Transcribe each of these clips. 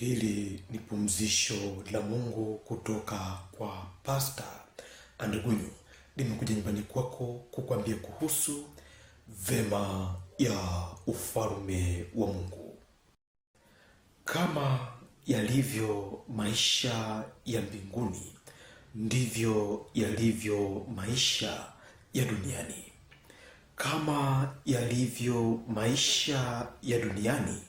Hili ni pumzisho la Mungu kutoka kwa Pasta Andugunyu. Nimekuja nyumbani kwako kukwambia kuhusu vema ya ufalme wa Mungu. Kama yalivyo maisha ya mbinguni, ndivyo yalivyo maisha ya duniani. Kama yalivyo maisha ya duniani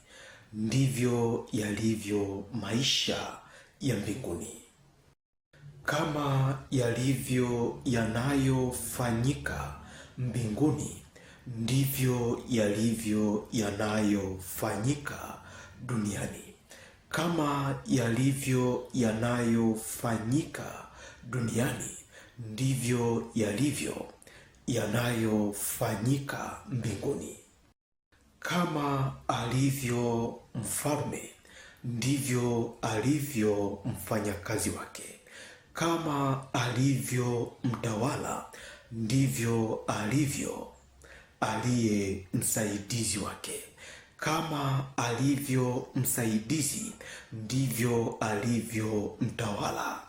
ndivyo yalivyo maisha ya mbinguni. Kama yalivyo yanayofanyika mbinguni, ndivyo yalivyo yanayofanyika duniani. Kama yalivyo yanayofanyika duniani, ndivyo yalivyo yanayofanyika mbinguni. Kama alivyo mfalme ndivyo alivyo mfanyakazi wake, kama alivyo mtawala ndivyo alivyo aliye msaidizi wake, kama alivyo msaidizi ndivyo alivyo mtawala.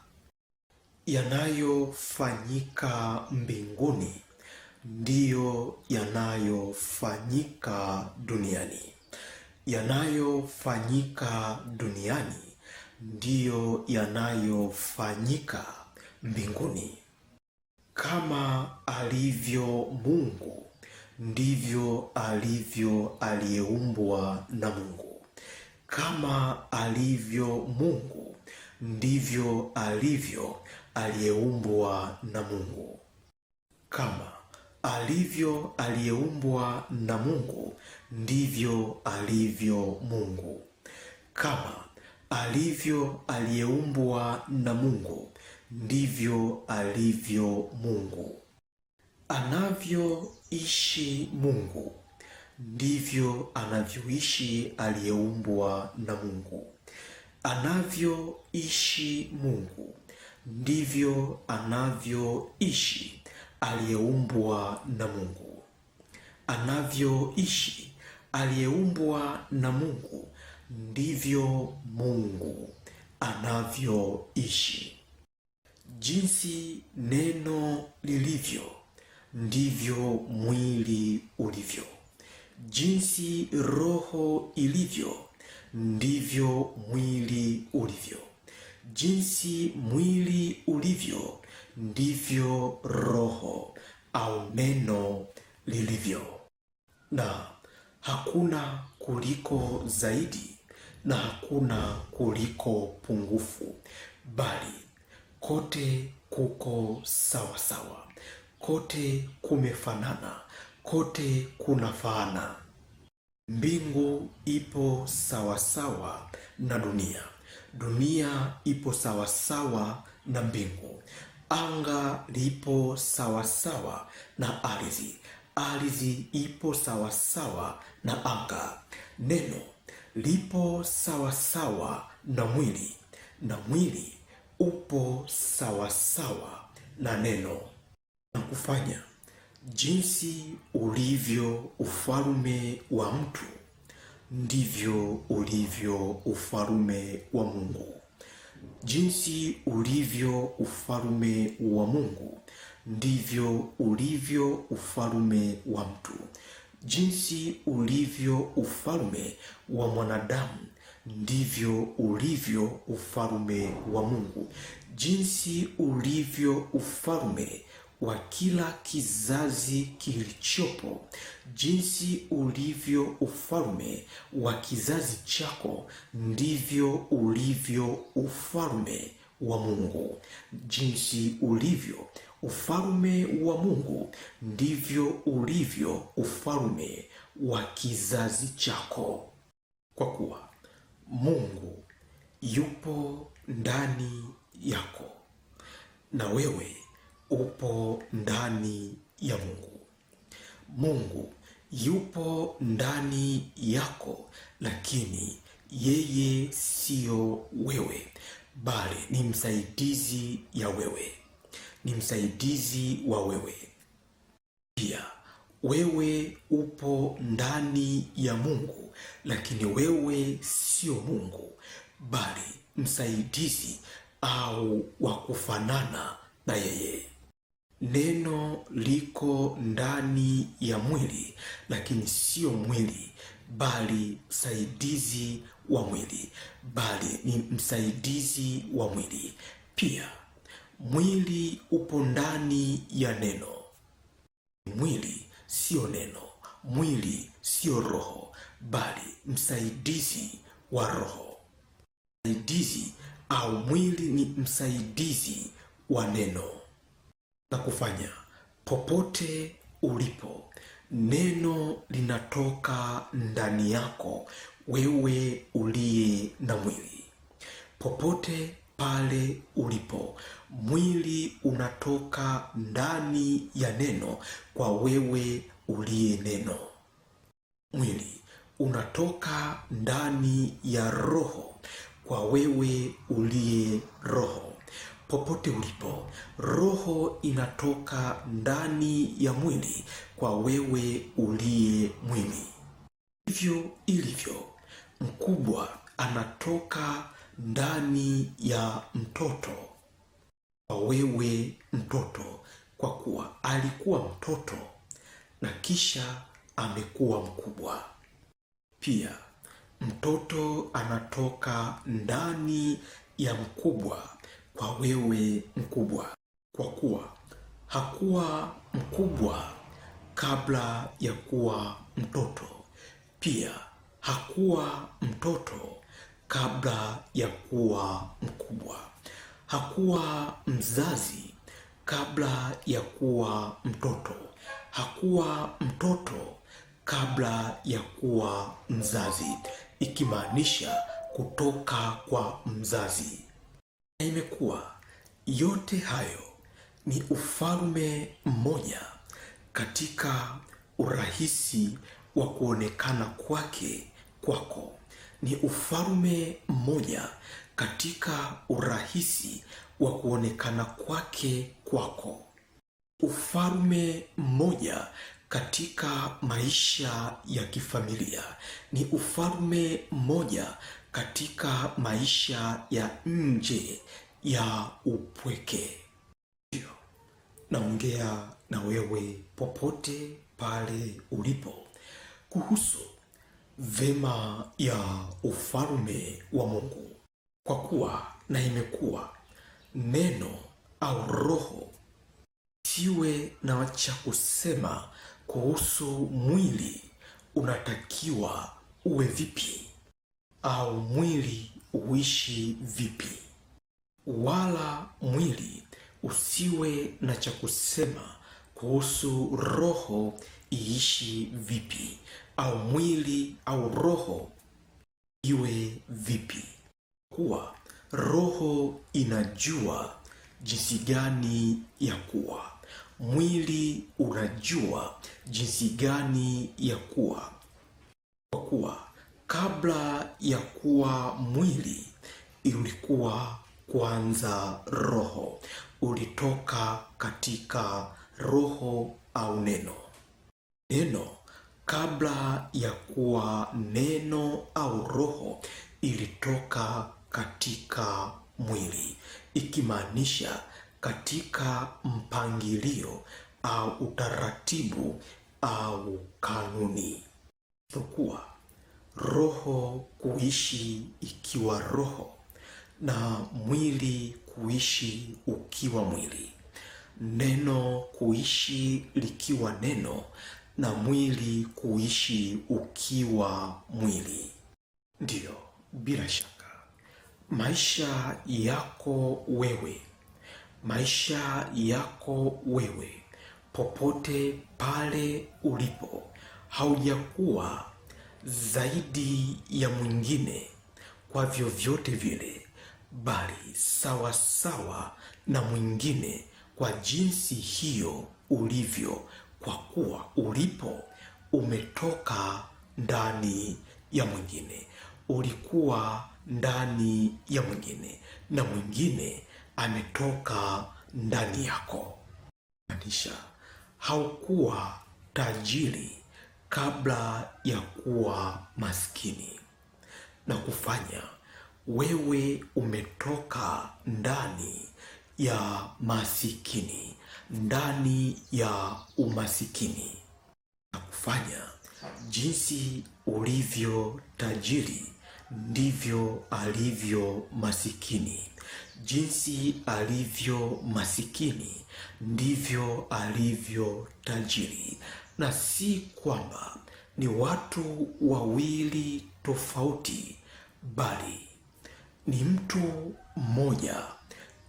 Yanayofanyika mbinguni ndiyo yanayofanyika duniani yanayofanyika duniani ndiyo yanayofanyika mbinguni. Kama alivyo Mungu ndivyo alivyo aliyeumbwa na Mungu. Kama alivyo Mungu ndivyo alivyo aliyeumbwa na Mungu. Kama alivyo aliyeumbwa na Mungu ndivyo alivyo Mungu. Kama alivyo aliyeumbwa na Mungu ndivyo alivyo Mungu. Anavyoishi Mungu ndivyo anavyoishi aliyeumbwa na Mungu. Anavyoishi Mungu ndivyo anavyoishi aliyeumbwa na Mungu, anavyoishi aliyeumbwa na Mungu, ndivyo Mungu anavyoishi. Jinsi neno lilivyo, ndivyo mwili ulivyo. Jinsi roho ilivyo, ndivyo mwili ulivyo. Jinsi mwili ulivyo ndivyo roho au neno lilivyo, na hakuna kuliko zaidi na hakuna kuliko pungufu, bali kote kuko sawasawa sawa. Kote kumefanana, kote kunafaana. Mbingu ipo sawasawa sawa na dunia, dunia ipo sawasawa sawa na mbingu, Anga lipo sawasawa na ardhi, ardhi ipo sawasawa na anga. Neno lipo sawasawa na mwili, na mwili upo sawasawa na neno, na kufanya jinsi ulivyo ufalume wa mtu ndivyo ulivyo ufalume wa Mungu. Jinsi ulivyo ufalme wa Mungu ndivyo ulivyo ufalme wa mtu. Jinsi ulivyo ufalme wa mwanadamu ndivyo ulivyo ufalme wa Mungu. Jinsi ulivyo ufalme wa kila kizazi kilichopo, jinsi ulivyo ufalme wa kizazi chako, ndivyo ulivyo ufalme wa Mungu. Jinsi ulivyo ufalme wa Mungu, ndivyo ulivyo ufalme wa kizazi chako, kwa kuwa Mungu yupo ndani yako na wewe upo ndani ya Mungu. Mungu yupo ndani yako, lakini yeye siyo wewe, bali ni msaidizi ya wewe, ni msaidizi wa wewe. Pia wewe upo ndani ya Mungu, lakini wewe sio Mungu, bali msaidizi au wa kufanana na yeye neno liko ndani ya mwili, lakini sio mwili bali msaidizi wa mwili, bali ni msaidizi wa mwili. Pia mwili upo ndani ya neno. Mwili sio neno, mwili sio roho, bali msaidizi wa roho. Msaidizi au mwili ni msaidizi wa neno na kufanya popote ulipo. Neno linatoka ndani yako wewe uliye na mwili, popote pale ulipo, mwili unatoka ndani ya neno kwa wewe uliye neno. Mwili unatoka ndani ya roho kwa wewe uliye roho popote ulipo, roho inatoka ndani ya mwili kwa wewe uliye mwili. Hivyo ilivyo, mkubwa anatoka ndani ya mtoto kwa wewe mtoto, kwa kuwa alikuwa mtoto na kisha amekuwa mkubwa. Pia mtoto anatoka ndani ya mkubwa kwa wewe mkubwa, kwa kuwa hakuwa mkubwa kabla ya kuwa mtoto, pia hakuwa mtoto kabla ya kuwa mkubwa, hakuwa mzazi kabla ya kuwa mtoto, hakuwa mtoto kabla ya kuwa mzazi, ikimaanisha kutoka kwa mzazi Imekuwa yote hayo ni ufalme mmoja katika urahisi wa kuonekana kwake kwako, ni ufalme mmoja katika urahisi wa kuonekana kwake kwako, ufalme mmoja katika maisha ya kifamilia, ni ufalme mmoja katika maisha ya nje ya upweke. Naongea na wewe popote pale ulipo kuhusu vema ya ufalme wa Mungu, kwa kuwa na imekuwa neno au roho siwe na cha kusema kuhusu mwili unatakiwa uwe vipi au mwili uishi vipi, wala mwili usiwe na cha kusema kuhusu roho iishi vipi, au mwili au roho iwe vipi, kuwa roho inajua jinsi gani ya kuwa, mwili unajua jinsi gani ya kuwa, kwa kuwa kabla ya kuwa mwili ulikuwa kwanza roho, ulitoka katika roho au neno. Neno kabla ya kuwa neno au roho ilitoka katika mwili, ikimaanisha katika mpangilio au utaratibu au kanuni. Isipokuwa roho kuishi ikiwa roho na mwili kuishi ukiwa mwili, neno kuishi likiwa neno na mwili kuishi ukiwa mwili. Ndiyo, bila shaka maisha yako wewe, maisha yako wewe, popote pale ulipo, haujakuwa zaidi ya mwingine kwa vyovyote vile, bali sawasawa sawa na mwingine kwa jinsi hiyo ulivyo, kwa kuwa ulipo umetoka ndani ya mwingine, ulikuwa ndani ya mwingine, na mwingine ametoka ndani yako. Maanisha haukuwa tajiri kabla ya kuwa maskini na kufanya wewe umetoka ndani ya masikini, ndani ya umasikini na kufanya jinsi ulivyo tajiri ndivyo alivyo masikini, jinsi alivyo masikini ndivyo alivyo tajiri na si kwamba ni watu wawili tofauti, bali ni mtu mmoja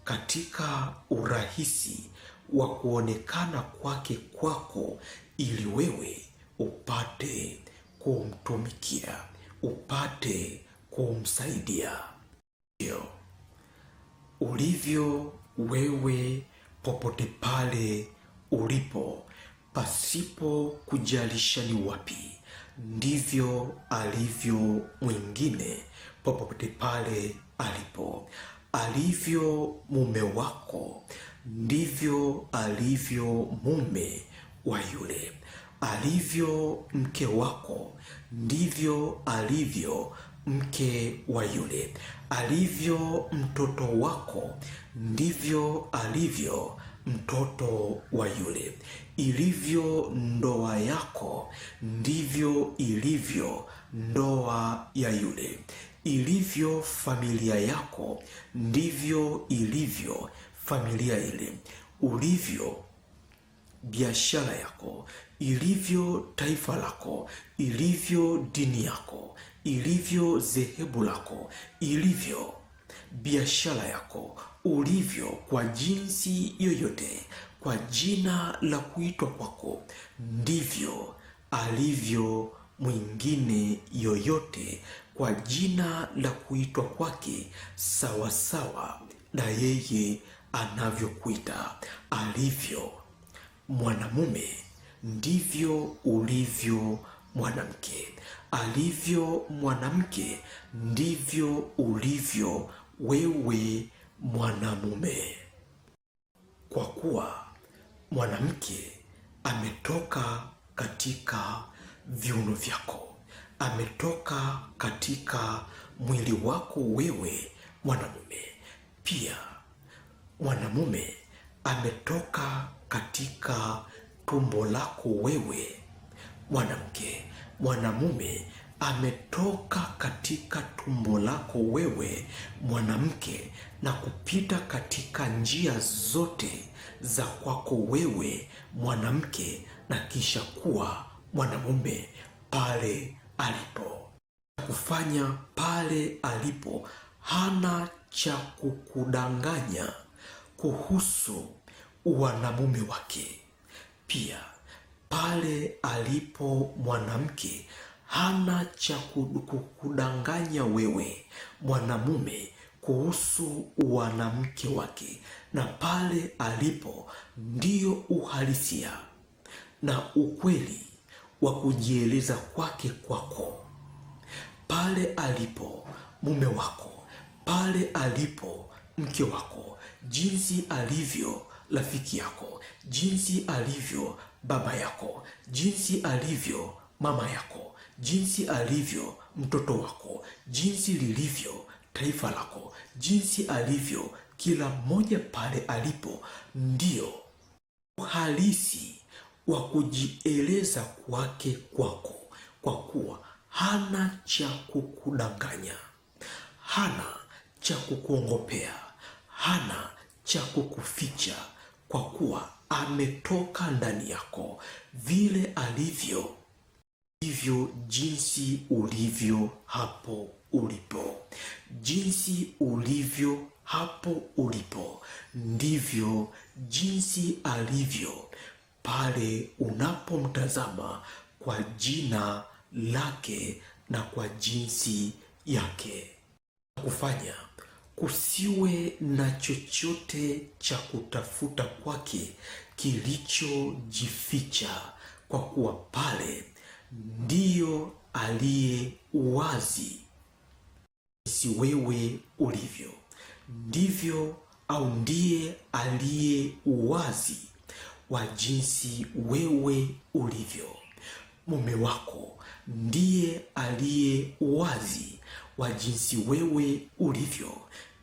katika urahisi wa kuonekana kwake kwako, ili wewe upate kumtumikia, upate kumsaidia. Ndio ulivyo wewe, popote pale ulipo pasipo kujalisha ni wapi, ndivyo alivyo mwingine popote pale alipo. Alivyo mume wako, ndivyo alivyo mume wa yule. Alivyo mke wako, ndivyo alivyo mke wa yule. Alivyo mtoto wako, ndivyo alivyo mtoto wa yule. Ilivyo ndoa yako ndivyo ilivyo ndoa ya yule. Ilivyo familia yako ndivyo ilivyo familia ile. Ulivyo biashara yako ilivyo taifa lako ilivyo dini yako ilivyo zehebu lako ilivyo biashara yako ulivyo kwa jinsi yoyote kwa jina la kuitwa kwako, ndivyo alivyo mwingine yoyote kwa jina la kuitwa kwake, sawasawa na yeye anavyokuita. Alivyo mwanamume ndivyo ulivyo mwanamke, alivyo mwanamke ndivyo ulivyo wewe mwanamume, kwa kuwa mwanamke ametoka katika viuno vyako, ametoka katika mwili wako wewe mwanamume. Pia mwanamume ametoka katika tumbo lako wewe mwanamke. Mwanamume ametoka katika tumbo lako wewe mwanamke na kupita katika njia zote za kwako wewe mwanamke na kisha kuwa mwanamume pale alipo, kufanya pale alipo, hana cha kukudanganya kuhusu wanamume wake. Pia pale alipo mwanamke hana cha kudanganya wewe mwanamume kuhusu wanamke wake, na pale alipo ndiyo uhalisia na ukweli wa kujieleza kwake kwako, pale alipo mume wako, pale alipo mke wako, jinsi alivyo rafiki yako, jinsi alivyo baba yako, jinsi alivyo mama yako jinsi alivyo mtoto wako, jinsi lilivyo taifa lako, jinsi alivyo kila mmoja pale alipo, ndio uhalisi wa kujieleza kwake kwako, kwa kuwa hana cha kukudanganya, hana cha kukuongopea, hana cha kukuficha, kwa kuwa ametoka ndani yako vile alivyo hivyo jinsi ulivyo hapo ulipo, jinsi ulivyo hapo ulipo, ndivyo jinsi alivyo pale unapomtazama kwa jina lake na kwa jinsi yake. Kufanya kusiwe na chochote cha kutafuta kwake kilichojificha, kwa kuwa pale ndiyo aliye uwazi Si wewe ulivyo ndivyo, au ndiye aliye uwazi wa jinsi wewe ulivyo. Mume wako ndiye aliye uwazi wa jinsi wewe ulivyo.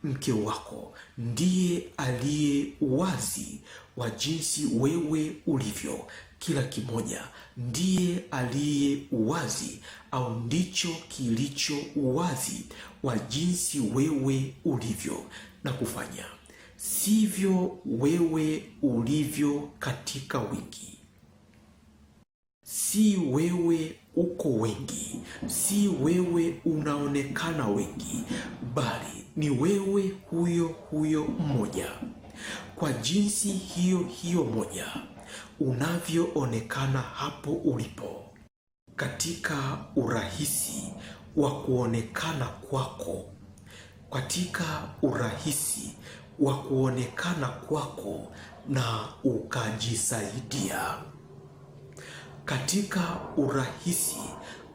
Mke wako ndiye aliye wazi wa jinsi wewe ulivyo kila kimoja ndiye aliye uwazi au ndicho kilicho uwazi wa jinsi wewe ulivyo na kufanya, sivyo wewe ulivyo katika wingi. Si wewe uko wengi, si wewe unaonekana wengi, bali ni wewe huyo huyo mmoja, kwa jinsi hiyo hiyo moja unavyoonekana hapo ulipo, katika urahisi wa kuonekana kwako, katika urahisi wa kuonekana kwako na ukajisaidia, katika urahisi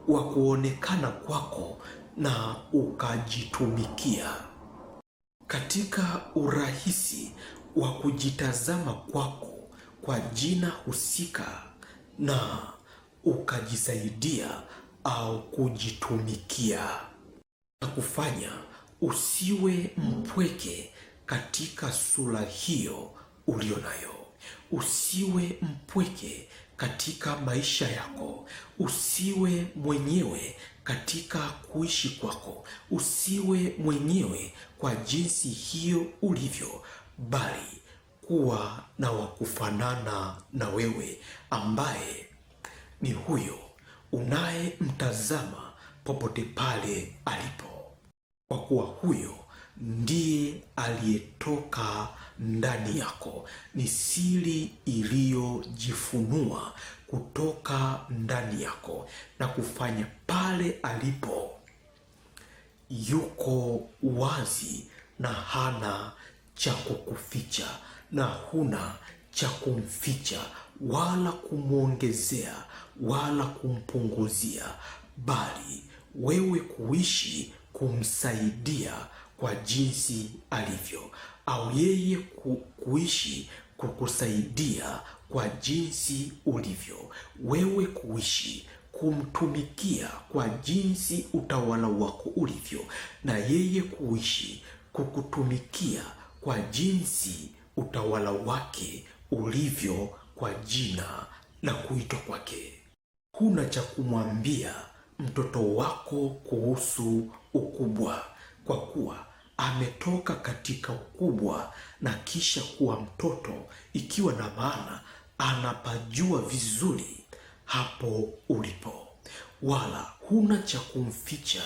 wa kuonekana kwako na ukajitumikia, katika urahisi wa kujitazama kwako kwa jina husika na ukajisaidia au kujitumikia na kufanya usiwe mpweke katika sura hiyo ulio nayo. Usiwe mpweke katika maisha yako, usiwe mwenyewe katika kuishi kwako, usiwe mwenyewe kwa jinsi hiyo ulivyo, bali kuwa na wakufanana na wewe ambaye ni huyo unayemtazama popote pale alipo, kwa kuwa huyo ndiye aliyetoka ndani yako. Ni siri iliyojifunua kutoka ndani yako na kufanya pale alipo yuko wazi na hana cha kukuficha na huna cha kumficha wala kumwongezea wala kumpunguzia, bali wewe kuishi kumsaidia kwa jinsi alivyo, au yeye kuishi kukusaidia kwa jinsi ulivyo, wewe kuishi kumtumikia kwa jinsi utawala wako ulivyo, na yeye kuishi kukutumikia kwa jinsi utawala wake ulivyo kwa jina la kuitwa kwake. Huna cha kumwambia mtoto wako kuhusu ukubwa, kwa kuwa ametoka katika ukubwa na kisha kuwa mtoto, ikiwa na maana anapajua vizuri hapo ulipo, wala huna cha kumficha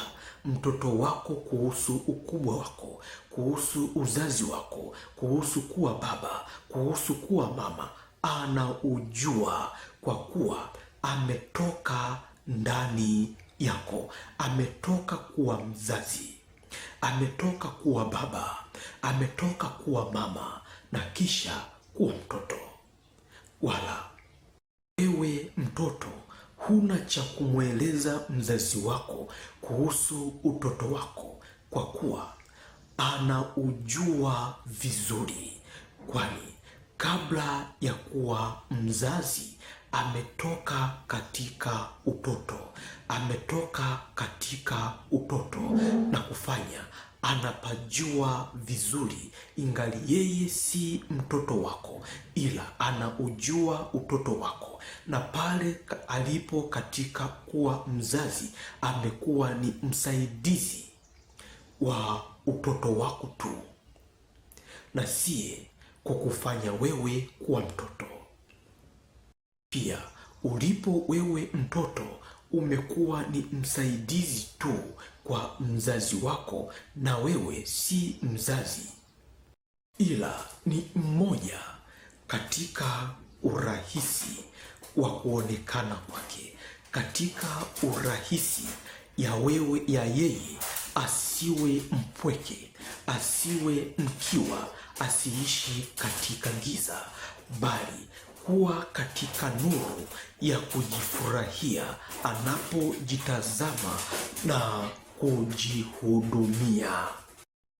mtoto wako kuhusu ukubwa wako, kuhusu uzazi wako, kuhusu kuwa baba, kuhusu kuwa mama, anaujua kwa kuwa ametoka ndani yako, ametoka kuwa mzazi, ametoka kuwa baba, ametoka kuwa mama na kisha kuwa mtoto wala hakuna cha kumweleza mzazi wako kuhusu utoto wako, kwa kuwa anaujua vizuri, kwani kabla ya kuwa mzazi ametoka katika utoto, ametoka katika utoto na kufanya anapajua vizuri, ingali yeye si mtoto wako, ila anaujua utoto wako, na pale alipo katika kuwa mzazi amekuwa ni msaidizi wa utoto wako tu, na siye kukufanya wewe kuwa mtoto. Pia ulipo wewe mtoto umekuwa ni msaidizi tu kwa mzazi wako, na wewe si mzazi, ila ni mmoja katika urahisi wa kuonekana kwake, katika urahisi ya wewe ya yeye asiwe mpweke, asiwe mkiwa, asiishi katika giza, bali kuwa katika nuru ya kujifurahia anapojitazama na kujihudumia.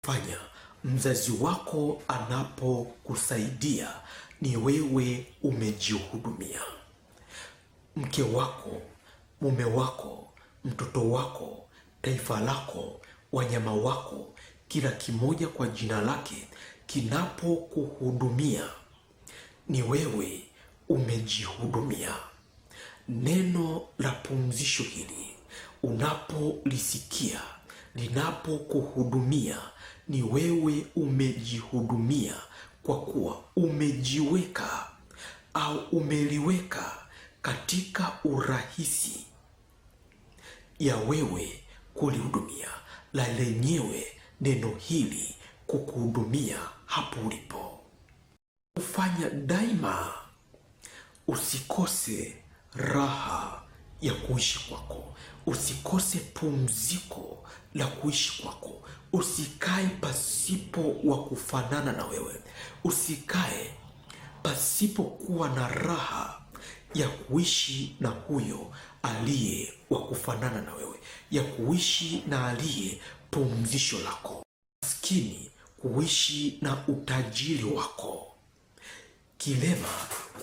Fanya mzazi wako anapokusaidia ni wewe umejihudumia. Mke wako, mume wako, mtoto wako, taifa lako, wanyama wako, kila kimoja kwa jina lake kinapokuhudumia ni wewe umejihudumia. Neno la pumzisho hili unapolisikia linapokuhudumia, ni wewe umejihudumia, kwa kuwa umejiweka au umeliweka katika urahisi ya wewe kulihudumia, la lenyewe neno hili kukuhudumia hapo ulipo, kufanya daima usikose raha ya kuishi kwako, usikose pumziko la kuishi kwako, usikae pasipo wa kufanana na wewe, usikae pasipo kuwa na raha ya kuishi na huyo aliye wa kufanana na wewe, ya kuishi na aliye pumzisho lako, maskini kuishi na utajiri wako kilema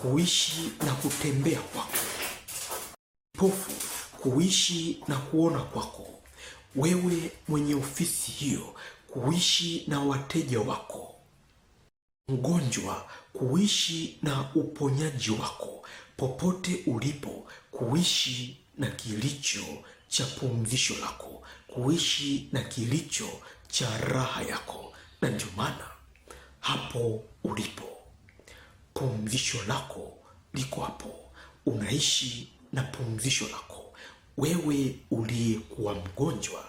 kuishi na kutembea kwako, kipofu kuishi na kuona kwako, wewe mwenye ofisi hiyo kuishi na wateja wako, mgonjwa kuishi na uponyaji wako, popote ulipo kuishi na kilicho cha pumzisho lako, kuishi na kilicho cha raha yako, na ndio maana hapo ulipo pumzisho lako liko hapo, unaishi na pumzisho lako. Wewe uliyekuwa mgonjwa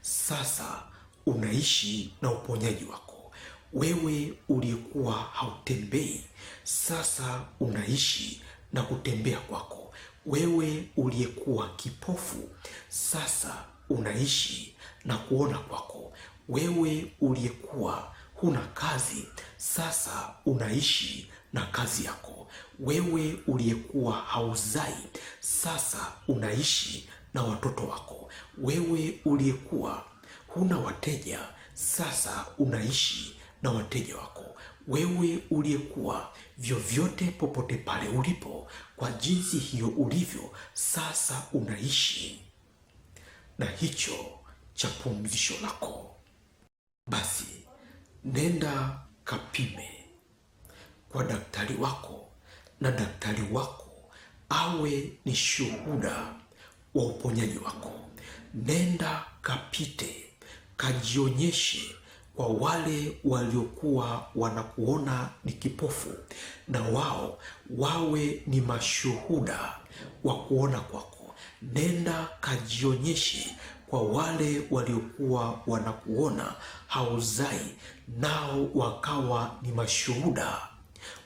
sasa unaishi na uponyaji wako. Wewe uliyekuwa hautembei sasa unaishi na kutembea kwako. Wewe uliyekuwa kipofu sasa unaishi na kuona kwako. Wewe uliyekuwa huna kazi sasa unaishi na kazi yako. Wewe uliyekuwa hauzai sasa unaishi na watoto wako. Wewe uliyekuwa huna wateja sasa unaishi na wateja wako. Wewe uliyekuwa vyovyote popote pale ulipo, kwa jinsi hiyo ulivyo sasa unaishi na hicho cha pumzisho lako. Basi nenda kapime kwa daktari wako na daktari wako awe ni shuhuda wa uponyaji wako. Nenda kapite, kajionyeshe kwa wale waliokuwa wanakuona ni kipofu, na wao wawe ni mashuhuda wa kuona kwako. Nenda kajionyeshe kwa wale waliokuwa wanakuona hauzai, nao wakawa ni mashuhuda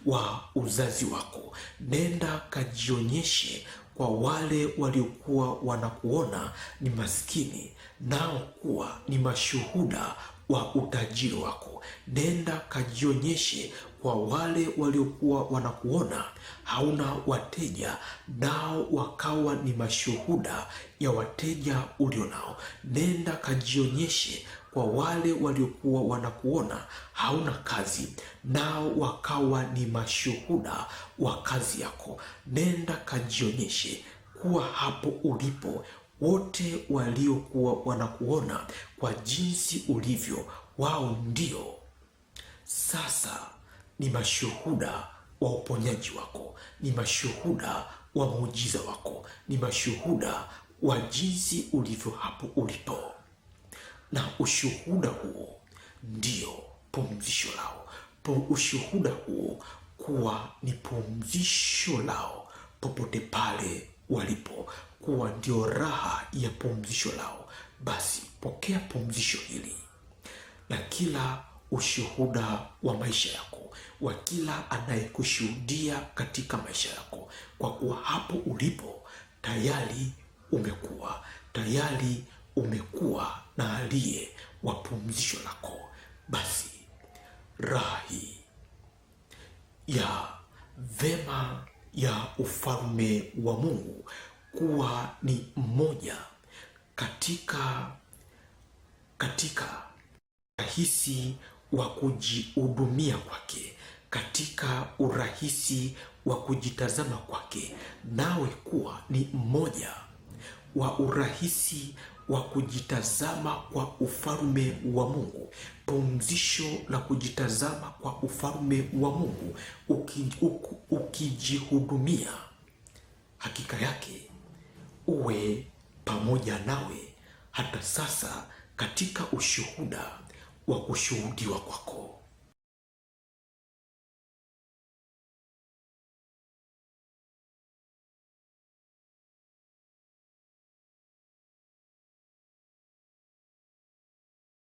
wa uzazi wako. Nenda kajionyeshe kwa wale waliokuwa wanakuona ni maskini, nao kuwa ni mashuhuda wa utajiri wako. Nenda kajionyeshe kwa wale waliokuwa wanakuona hauna wateja, nao wakawa ni mashuhuda ya wateja ulio nao. Nenda kajionyeshe kwa wale waliokuwa wanakuona hauna kazi, nao wakawa ni mashuhuda wa kazi yako. Nenda kajionyeshe kuwa hapo ulipo wote waliokuwa wanakuona kwa jinsi ulivyo, wao ndio sasa ni mashuhuda wa uponyaji wako, ni mashuhuda wa muujiza wako, ni mashuhuda wa jinsi ulivyo hapo ulipo na ushuhuda huo ndio pumzisho lao, ushuhuda huo kuwa ni pumzisho lao popote pale walipo, kuwa ndio raha ya pumzisho lao. Basi pokea pumzisho hili na kila ushuhuda wa maisha yako, wa kila anayekushuhudia katika maisha yako, kwa kuwa hapo ulipo tayari umekuwa, tayari umekuwa na aliye wa pumzisho lako, basi rahi ya vema ya ufalme wa Mungu kuwa ni mmoja katika katika urahisi wa kujihudumia kwake, katika urahisi wa kujitazama kwake, nawe kuwa ni mmoja wa urahisi wa kujitazama kwa ufalme wa Mungu, pumzisho la kujitazama kwa ufalme wa Mungu, ukijihudumia hakika yake uwe pamoja nawe hata sasa katika ushuhuda wa kushuhudiwa kwako.